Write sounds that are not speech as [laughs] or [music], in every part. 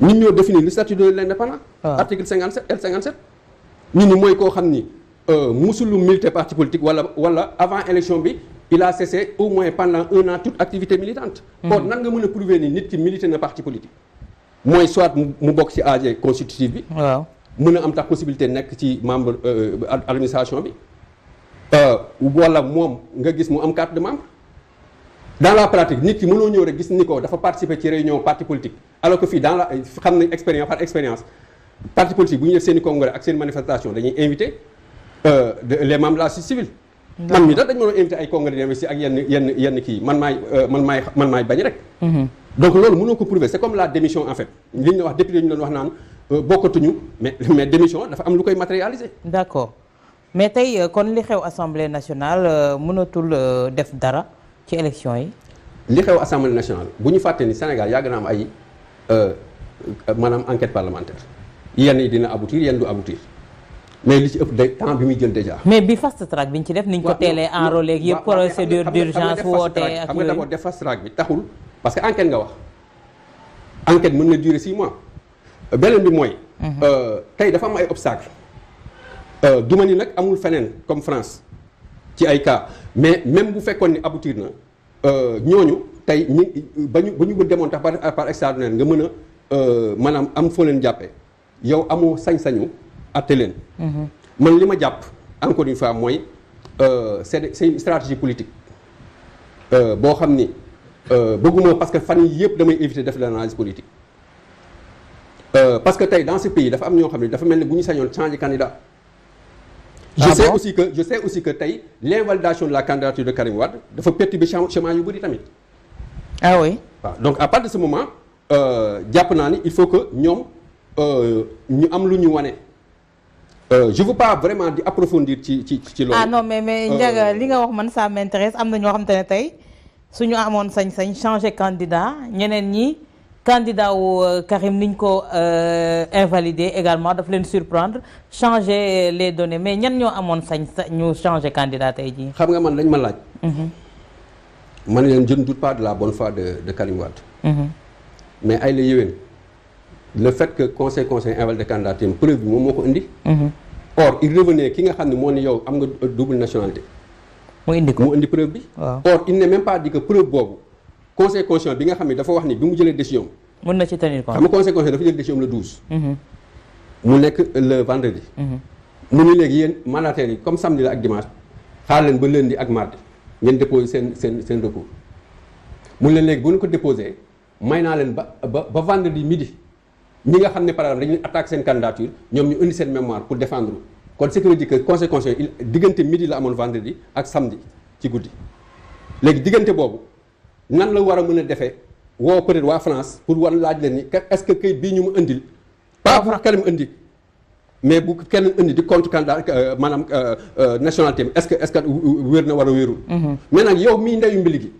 ñun ñoo définir le statut de l'indépendant ah. article 57 L 57 ñun ñi mooy koo xam ni euh, musulu milité parti politique wala wala avant élection bi il a cessé au moins pendant un an toute activité militante hmm. or nan nga mën a prouver ni nit ki milité na parti politique mooy soit mu bokk ci AG constitutif bi waaw mën a am tax possibilité nekk ci membre euh, administration bi euh, wala moom nga gis mu am carte de membre dans la pratique nit ki mënoo ñëw rek gis ni ko dafa participer ci réunion parti politique alors que fii dans la xam nañ expérience par expérience parti politique bu ñu def seen i congrès ak seen manifestation dañuy invité euh, les membres de la société civile man mi dax dañ mën a invité ay congrès d'investissement ak yenn yenn yenn kii man maay euh, man maay man maay bañ rek mm-hmm. donc loolu mënoo ko prouver c'est comme la démission en fait li ñu wax député ñu doon wax naan euh, bokkatuñu mais [laughs] mais démission dafa am lu koy matérialiser d'accord mais tey kon li xew assemblée nationale mënatul def dara ci élection yi. li xew assemblée nationale bu ñu fàtte ni Sénégal yàgg na am ay euh, maanaam enquête parlementaire yenn yi dina aboutir yenn du aboutir mais li ci ëpp de temps bi muy jël déjà. mais bi fast track bi ñu ci def. ni niñ ko teelee enrôlé ak yëpp procédure d'urgence woote ak yooyu bi taxul parce que enquête nga wax enquête mën na durer si moi beneen bi mooy. Mhm. Euh, tey dafa am ay obstacles. Euh, duma ni nag amul feneen comme France ci ay cas mais même bu fekkoon ni abouti na. Euh, ñooñu tey ñi ba ñu ba ñu demoon tax par par extraordinaire nga mën a euh, maanaam am foo leen jàppe yow amoo sañ-sañu atte leen. Mhm. man li ma jàpp encore une fois mooy euh, c'est c'est une stratégie politique boo xam ni bëgguma parce que fan yii yëpp damay éviter def l'analyse politique parce que tey dans ce pays dafa am ñoo xam ne dafa mel ni bu ñu sañoon changer candidat. je sais aussi que je sais aussi que tey l'invalidation de la candidature de Karim Wade dafa perturbé chemin yu bëri tamit. ah oui. donc à partir de ce moment euh, jàpp naa ni il faut que ñoom euh, ñu am lu ñuy wane. Euh, je veux pas vraiment di approfondir ci ci ci loolu. ah non mais mais euh, Ndiaga li nga wax man ça m'intéresse am na ñoo xamante ne tey su ñu amoon sañ-sañ changer candidat ñeneen ñi. candidat wu euh, Karim niñ ko euh, invalider également daf leen surprendre changer les données mais ñan ñoo amoon sañ ñu changer candidat tey jii. xam nga man lañ ma laaj. Mhm. man leen je ne doute la bonne foi de de Karim Wade. Mhm. mais ay la yéwén le fait que conseil conseil invalide candidat yi bi moom moo ko indi. Mhm. or il revenait ki nga xam ne moo ne yow am nga double nationalité. mu indi ko mu indi preuve bi. or il n'est même pas dit que preuve boobu. conseil bi nga xam ne dafa wax ni bi mu jëlee décision mën na ci tenir compte xam nga conseil constitutionnel dafa jël décision le 12. Mhm. mu nekk le vendredi. Mhm. mu ni léegi yéen mandataires yi comme samedi la ak dimanche xaar leen ba lundi ak mardi ngeen déposé seen seen seen recours mu leen léegi bu ñu ko déposé may naa leen ba ba ba vendredi midi ñi nga xam ne par exemple dañuy attaqué seen candidature ñoom ñu indi seen mémoire pour défendre kon ce qui veut dire que conséquence il diggante midi la amoon vendredi ak samedi ci guddi léegi diggante boobu. nan la war a mën a defee woo peut-être waa France pour wan laaj leen ni est-ce que bii ñu mu indil pas pour kenn indi mais bu kenn indi di compte candidat euh, maanaam euh, euh, nationalité bi est-ce que est-ce wér na war a wérul mm-hmm. mais nag yow mii ndeyu mbili gi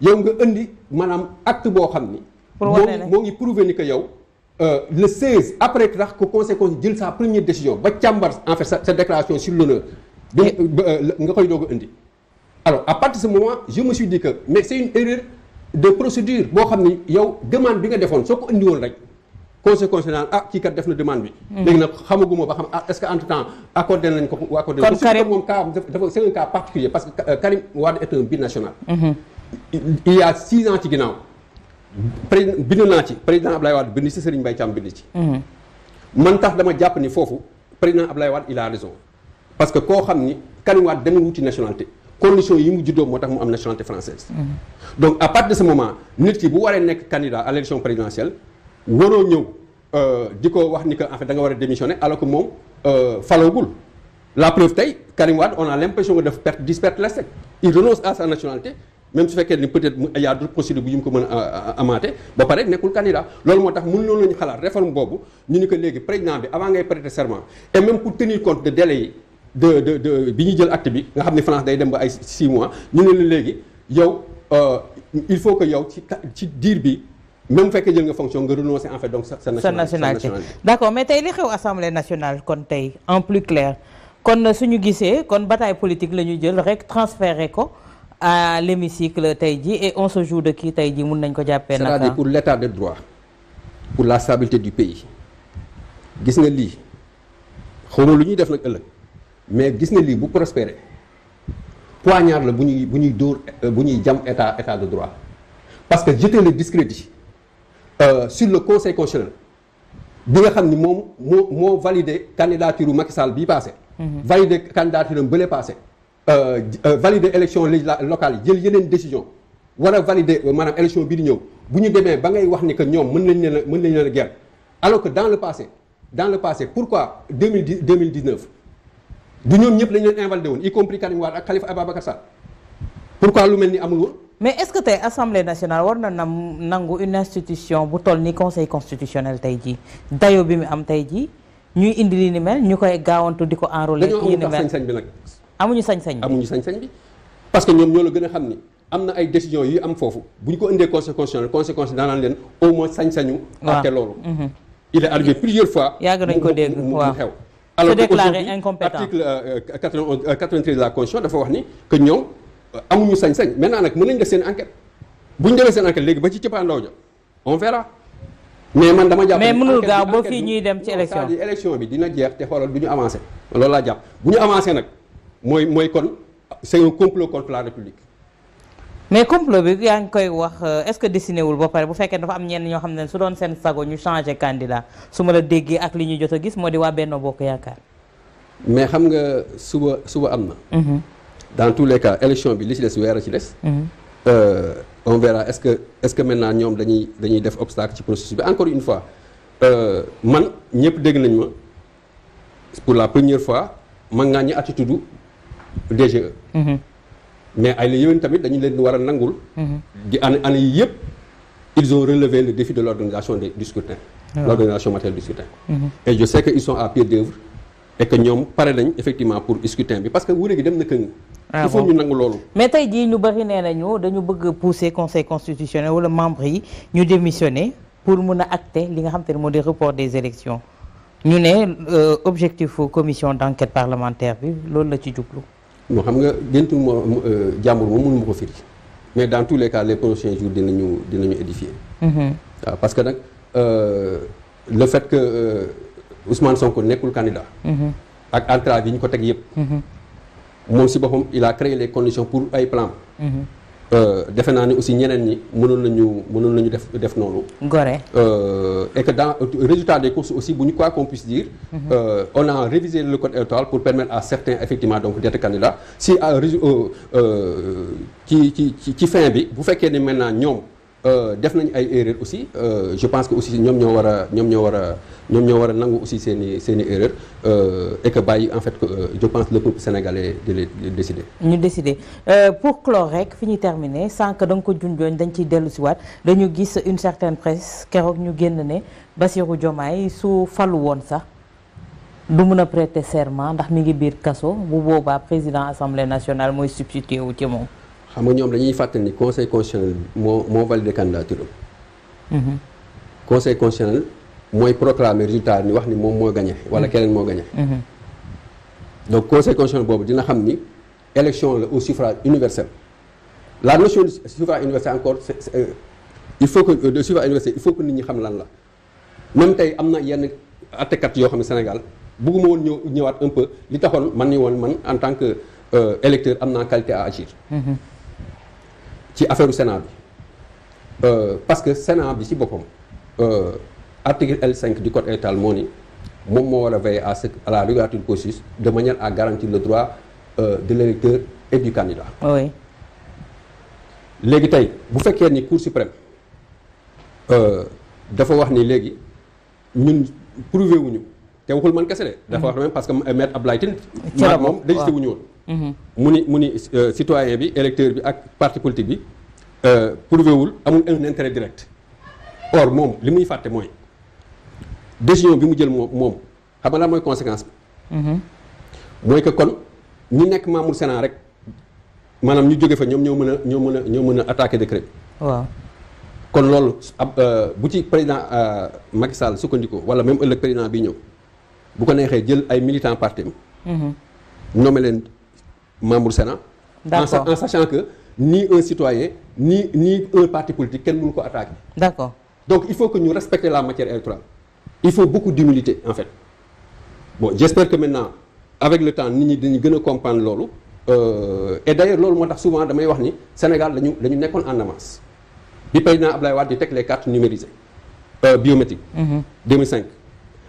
yow nga indi maanaam act boo xam ni moo ngi prouver ni que yow le 16 après tax que conséquence jël sa première décision ba càmbar en fait sa déclaration sur l'honneur bi nga koy doog indi alors à partir de ce moment je me suis dit que mais c'est une erreur de procédure boo xam ne yow demande bi nga defoon soo ko indi woon rek conséquence naan ah kii kat def na demande bi. Hmm. léegi nag xamaguma ba xam ah est-ce que entre temps particulier parce que Karim Wade est un binational. Mm-hmm. il y a ans ci ginnaaw. président bind naa ci président Ablaye Wade bind ci Serigne Mbaye Thiam bind ci. Mm-hmm. man tax dama jàpp ni foofu président Ablaye Wade il a raison parce que koo xam ni Karim Wade dama condition yi mu juddoo moo tax mu am nationalité française donc à partir de ce moment nit ki bu waree nekk candidat à présidentielle waroo ñëw euh, di ko wax ni que en fait war a démissionner alors que moom euh, faloogul la preuve tey Karim on a l'impression que daf perte disperte la il renonce à nationalité même su fekkee ni peut-être y a d'autres procédures bu ko mën a amaate ba pare nekkul candidat loolu moo tax mën loolu la xalaat de de de bi ñu jël acte bi nga xam ne France day dem ba ay 6 mois ñu ne la léegi yow euh, il faut que yow ci ci diir bi même bu fekkee jël nga fonction nga renoncer en fait donc sa sa nationalité d'accord mais tey li xew assemblée national kon tey en plus clair kon suñu gisee kon bataille politique la ñu jël rek transféré ko à l'hémicycle tey jii et on se joue de qui tey jii mun nañ ko jàppee naka c'est-à-dire pour l'état de droit pour la stabilité du pays gis nga lii xawma lu ñuy def nag ëllëg mais gis na lii bu prospérer poignard la bu ñuy bu ñuy dóor euh, bu ñuy jam état état de droit parce que jeter le discrédit euh, sur le conseil constitutionnel bi nga xam ni moom moo moo validé candidature u Macky Sall bii passé mhm. validé candidature am bële passé euh, euh, validé élection législatives locales yi jël yeneen décision war a validé maanaam élection bi di ñëw bu ñu demee ba ngay wax ni que ñoom mën nañ leen a mën nañ leen a guerre alors que dans le passé dans le passé pourquoi 2010 2019 du ñoom ñëpp lañ leen invalidé woon i compris Karim Wade ak Khalifa Ababacar Sall pourquoi lu mel ni amul mais est-ce que tey assemblée nationale war na nam nangu une institution bu toll ni conseil constitutionnel tey jii dayo bi mu am tey jii ñuy indi lii ni mel ñu koy gaawantu di ko enrôler. li ni mel sañ-sañ amuñu sañ-sañ bi amuñu sañ-sañ bi parce que ñoom ñoo la gën a xam ni am na ay décisions yu am foofu bu ñu ko indee conseil constitutionnel conséquence daanaan leen au moins sañ-sañu. waaw loolu. Mhm. il fois. yàgg nañ ko dégg waaw mu xew. alors que aujourd'hui article 91 euh, 93 euh, euh, de la constitution dafa wax ni que ñoom amuñu sañ-sañ maintenant nag mën nañ def seen enquête bu ñu defee seen enquête léegi ba ci cëppaandaw ja on verra. mais man dama jàpp mais mënul gaaw ba fii ñuy dem ci élection bi élection bi dina jeex te xoolal du ñu avancé loolu laa jàpp bu ñu avancé nag mooy mooy kon c'est un complot contre la république. mais complot bi yaa ngi koy wax euh, est-ce que dessiné wul ba pare bu fekkee dafa am ñenn ñoo xam ne su doon seen sago ñu changé candidat su ma la déggee ak li ñu jot a gis moo di waa Benno Bokk Yaakaar. mais xam nga suba suba am na. Mm-hmm. dans tous les cas élection bi li ci des weer a ci des. Mm-hmm. Euh, on verra que est-ce que maintenant ñoom dañuy dañuy def obstacle ci processus bi encore une fois euh, man ñëpp dégg nañ ma pour la première fois man ngaa ñi attitude DGE. mais ay la yéwén tamit dañu leen war a nangul mhm. di an année yi yëpp ils ont relevé le défi de l'organisation du scrutin l'organisation matérielle du scrutin mhm. et je sais que ils sont à pied d'œuvre et que ñoom pare nañ effectivement pour scrutin bi parce que wuure gi dem na këng ah il faut ñu nangu loolu mais tey jii ñu bëri nee nañu dañu bëgg pousser conseil constitutionnel wala membre yi ñu démissionner pour mun a acter li nga xam te ne moo di report des élections ñu ne euh, objectif commission d'enquête parlementaire bi loolu la ci jublu non xam nga géntu mo euh, jàmbur moom mënu ma ko firi mais dans tous les cas les prochains jours dinañu dinañu édifier mm-hmm. waaw parce que nag euh, le fait que euh, Ousmane Sonko nekkul candidat mm-hmm. ak entrave yi ñu ko teg yëpp mm-hmm. moom si boppam il a les conditions pour ay plan Euh, defe naa ni aussi ñeneen ñi mënoon nañu mënoon nañu def def noonu. gore. Euh, et que dans résultat des courses aussi bu ñu quoi qu'on puisse dire. Mhm. Euh, on a révisé le code électoral pour permettre à certains effectivement donc d'être candidats si à euh, ci ci ci fin bi bu fekkee ne maintenant ñoom. Euh, def nañ ay erreur aussi euh, je pense que aussi ñoom ñoo war a ñoom ñoo war a ñoo war a nangu aussi seeni seeni seen i erreur euh, bàyyi en fait que je pense le peuple sénégalais di leen décider. ñu décider pour clore rek fi ñuy terminer sànq da nga ko junjooñ dañ ciy dellu si waat dañu gis une certaine presse keroog ñu génn ne Bassirou Diomaye su falu woon sax du mën a prêter serment ndax mi ngi biir kaso bu boobaa président assemblée nationale mooy substitué wu ci moom. xam nga ñoom dañuy fàttali ni conseil constitutionnel moo moo validé candidature am. Mhm. conseil constitutionnel mooy proclamer résultat ni wax ni moom moo gagné wala mhm. keneen moo gagné. Mhm. donc conseil constitutionnel boobu dina xam ni élection la au suffrage universel. la notion de suffrage universel encore euh, il faut que euh, de suffrage universel il faut que nit ñi xam lan la même tey am na yenn attekat yoo xam ne Sénégal bëgguma woon ñëw ñëwaat un peu li taxoon man ni woon man en tant que euh, électeur am naa qualité à agir. ci affaire sena bi euh, parce que Sénat bi ci boppam euh, article L5 du code électoral moo ni moom moo war a veiller à ce à la régularité du de manière à garantir le droit euh, de l'électeur et du candidat. léegi tey bu fekkee ni Cour suprême dafa wax ni léegi ñun prouvé wuñu te waxul man kese de. dafa wax même parce que maître Ablaye Tine. moom registré wuñu woon. mu ni mu ni euh, citoyen bi électeur bi ak parti politique bi euh, prouvé wul amul un direct or moom li muy fàtte mooy décision bi mu jël moom moom xam nga mooy conséquence bi mhm. mooy que kon ñi nekk membre Sénat rek maanaam ñu jóge fa ñoom ñoo mën a ñoo mën a ñoo mën a attaqué décret bi waaw kon loolu ab euh, bu ci président Macky Sall sukkandiku wala même ëllëg président bi ñëw bu ko neexee jël ay militant parti mi mhm. leen membre Sénat. d'accord en sachant que ni un citoyen ni ni un parti politique kenn mënu ko attaque d'accord donc il faut que ñu respecter la matière électorale. il faut beaucoup d'humilité en fait bon j'espère que maintenant avec le temps nit ñi dañu gën a comprendre loolu euh, et d'ailleurs loolu moo tax souvent damay wax ni Sénégal dañu dañu nekkoon en avance bi président Abdoulaye Wade di teg les cartes numérisées euh, biométriques. 2005 mhm.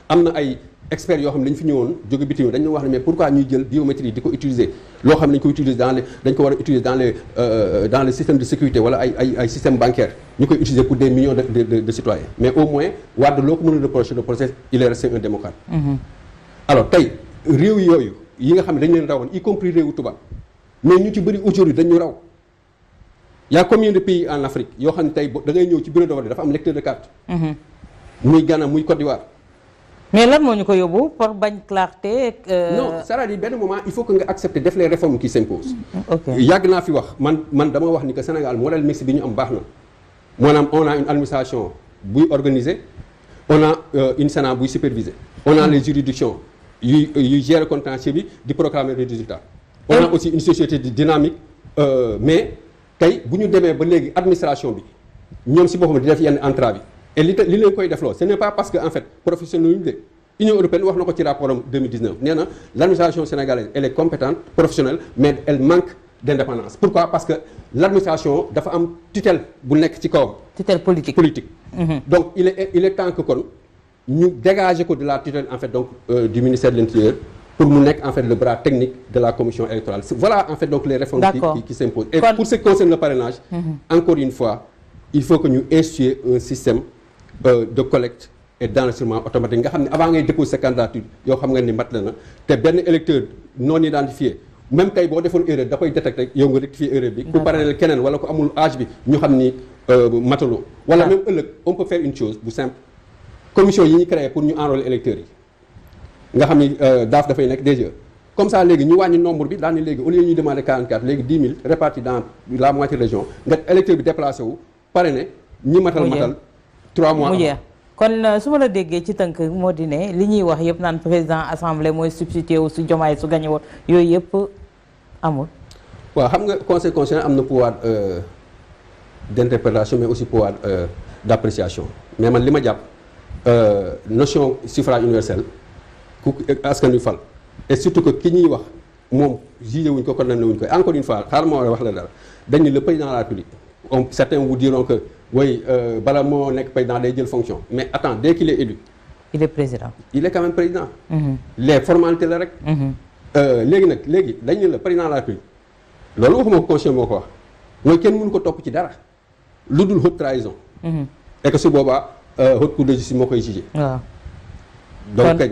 am na ay. experts yoo xam ne dañu fi ñëwoon jóge bitim dañu wax ne mais pourquoi ñuy jël biométrie di ko utiliser loo xam ne dañu ko utiliser dans les dañ ko war a utiliser dans les euh, dans de sécurité wala ay ay système bancaire ñu koy utiliser pour des millions de citoyens mais au moins Wade loo ko mën a reprocher le procès il est un démocrate mm-hmm. alors tey réew yooyu yi nga xam ne dañu leen y compris réewu tubaab mais ñu ci bëri aujourd'hui raw y a de pays en Afrique yoo xam ne tey da ngay mais lan moo ñu ko yóbbu pour bañ clarté. Euh, non cest à benn moment il faut que nga accepter def les réformes qui s'imposent. yàgg naa fi wax man man dama wax ni que Sénégal modèle mixte bi ñu am baax na. moo on a une administration buy organisée on a euh, une Sénat buy supervisée. on a mm. les juridictions yuy yuy gérer bi di programme les résultats. a mm. aussi une société dynamique euh, mais tey bu ñu demee ba léegi administration bi ñoom si boppam di def yenn entrave yi. et li leen koy defloo ce n'est pas parce que en fait professionnel ñu de Union européenne wax na ko ci rapport am l'administration sénégalaise elle est compétente professionnelle mais elle manque d'indépendance pourquoi parce que l'administration dafa am tutelle bu nekk ci kawam. tutelle politique politique. Mmh. donc il est il est temps que kon ñu dégager ko de la tutelle en fait donc euh, du ministère l'intérieur pour mu nekk en fait le bras technique de la commission électorale voilà en Euh, de collecte et d'enregistrement automatique nga xam ne avant ngay déposer sa candidature yow xam nga ni mat na na te benn électeur non identifié même tey boo defoon erreur da koy détecté yow nga rectifier erreur bi ku parallèle keneen wala ko amul âge bi ñu xam ni euh, mataloo wala même ëllëg on peut faire une chose bu simple commission yi ñu créé pour ñu enrôler électeurs yi nga xam ni euh, daaf dafay nekk déjà e. comme ça léegi ñu wàññi nombre bi daan ni léegi au lieu ñuy demander 44 léegi 10 000 répartis dans la moitié région nga électeur bi déplacé wu pare ne ñi matal matal trois mois mu jeex kon euh, su ma la déggee ci tënk moo di ne li ñuy wax yëpp naan président assemblée mooy substitué wu su jomaay su gañe woon yooyu yëpp amul. waa xam nga conseil constitutionnel am na pouvoir euh, d'interpellation mais aussi pouvoir euh, d'appréciation mais man li ma jàpp notion suffrage universel ku askan wi fal et surtout que ki ñuy wax moom jugé wuñ ko condamné wuñ ko encore une fois xaaral ma wax la dara dañ ne le président de la on certains vous diront que oui euh, bala moo nekk président day jël fonction mais attends dès qu'il élu il président il est quand même président mm -hmm. la rek mm-hmm. euh, léegi nag léegi dañu la président la République loolu waxuma ko conscient moo ko wax mooy kenn mënu ko topp ci dara lu dul haute trahison mm-hmm. et que su boobaa euh, haute cour de justice moo koy jugé waaw donc kañ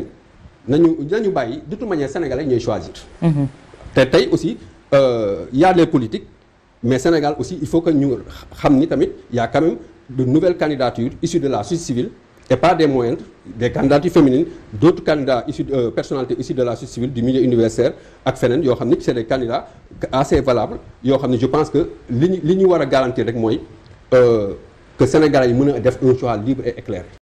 nañu nañu bàyyi de toute manière ñooy choisir mm-hmm. te tey aussi euh, y a des mais Sénégal aussi il faut que ñu xam ni tamit y' a quand même de nouvelles candidatures issues de la société civile et pas des moindres des candidatures féminines d' candidats issus euh, de la société civile du milieu universitaire ak feneen yoo xam ni c' est des candidats assez valables yoo xam ne je pense que li ñu li ñu war a garantir rek mooy euh, que Sénégalais yi mën a def un choix libre et éclairé.